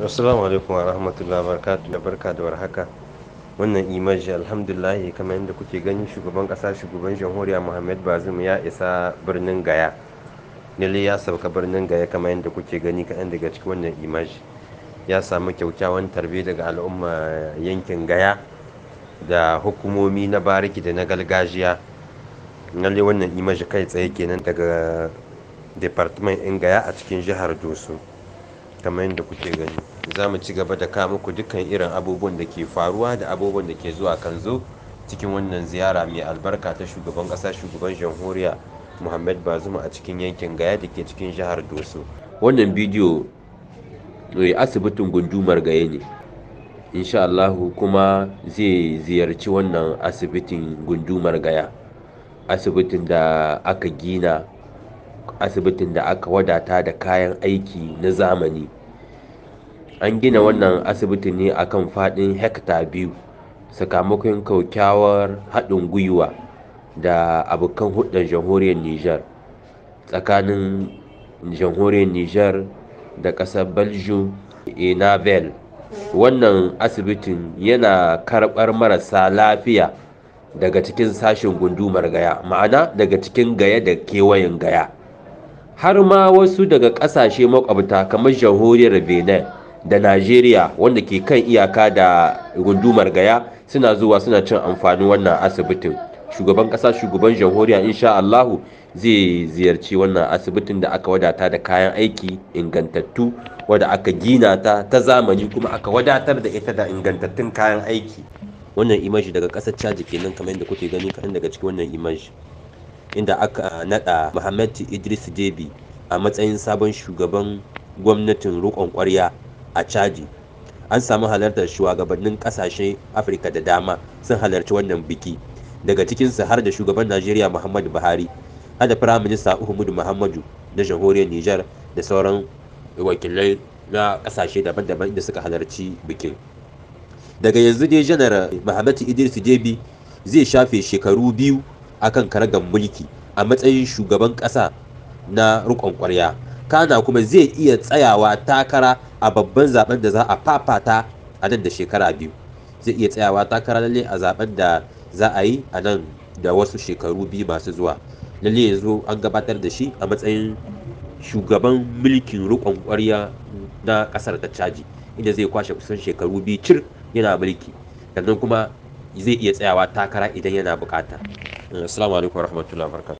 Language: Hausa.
assalamu alaikum wa rahmatullahi da barka da warhaka wannan imaji alhamdulillah kamar yadda kuke gani shugaban kasa shugaban jamhuriya muhammad bazum ya isa birnin gaya nile ya sauka birnin gaya kamar yadda kuke gani kaɗan daga cikin wannan imaji ya samu kyaukyawan tarbe daga al'umma yankin gaya da hukumomi na bariki da na gargajiya lalle wannan imaji kai tsaye kenan daga department in gaya a cikin jihar Dutse. kamar yadda kuke gani za mu ci gaba da kawo muku dukkan irin abubuwan da ke faruwa da abubuwan da ke zuwa kan zo cikin wannan ziyara mai albarka ta shugaban ƙasa shugaban jamhuriya muhammad bazuma a cikin yankin gaya da ke cikin jihar doso wannan bidiyo eh, asibitin gundumar gaya ne insha Allah kuma zai ziyarci wannan asibitin gundumar gaya asibitin da aka gina asibitin da aka wadata da kayan aiki na zamani an gina wannan asibiti ne a kan faɗin hekta biyu sakamakon kyaukyawar haɗin gwiwa da abokan hudun jamhuriyar niger tsakanin jamhuriyar Nijar da ƙasar belgium enavel wannan asibitin yana karɓar marasa lafiya daga cikin sashen gundumar gaya ma'ana daga cikin gaya da kewayen gaya har ma wasu daga kasashe makwabta kamar jamhuriyar benin da najeriya wanda ke kan iyaka da gundumar gaya suna zuwa suna cin amfanin wannan asibitin shugaban kasa shugaban jamhuriya insha allahu zai ziyarci wannan asibitin da aka wadata da kayan aiki ingantattu wadda aka gina ta ta zamani kuma aka wadatar da ita da ingantattun kayan aiki wannan imaji daga kasar caji kenan kamar yadda kuke gani kaɗan daga cikin wannan imaji inda aka naɗa Muhammad Idris Debi a matsayin sabon shugaban gwamnatin roƙon ƙwarya a caji An samu halartar shugabannin ƙasashen Afirka da dama sun halarci wannan biki, daga cikinsu har da shugaban Najeriya Muhammadu Buhari, har da Firaminista Uhumudu Muhammadu na jamhuriyar Nijar da sauran wakilai na ƙasashe daban-daban da suka halarci bikin. Daga yanzu dai janar Muhammadu Idris Debi zai shafe shekaru biyu akan karagar mulki a matsayin shugaban ƙasa na riƙon ƙwarya kana kuma zai iya tsayawa takara a babban zaben da za a fafata a nan da shekara biyu zai iya tsayawa takara lalle a zaben da za a yi a nan da wasu shekaru biyu masu zuwa lalle yanzu an gabatar da shi a matsayin shugaban mulkin riƙon ƙwarya na ƙasar ta caji inda zai kwashe kusan shekaru biyu cir yana mulki sannan kuma zai iya tsayawa takara idan yana buƙata. assalamu alaikum warahmatullahi wabarakatuh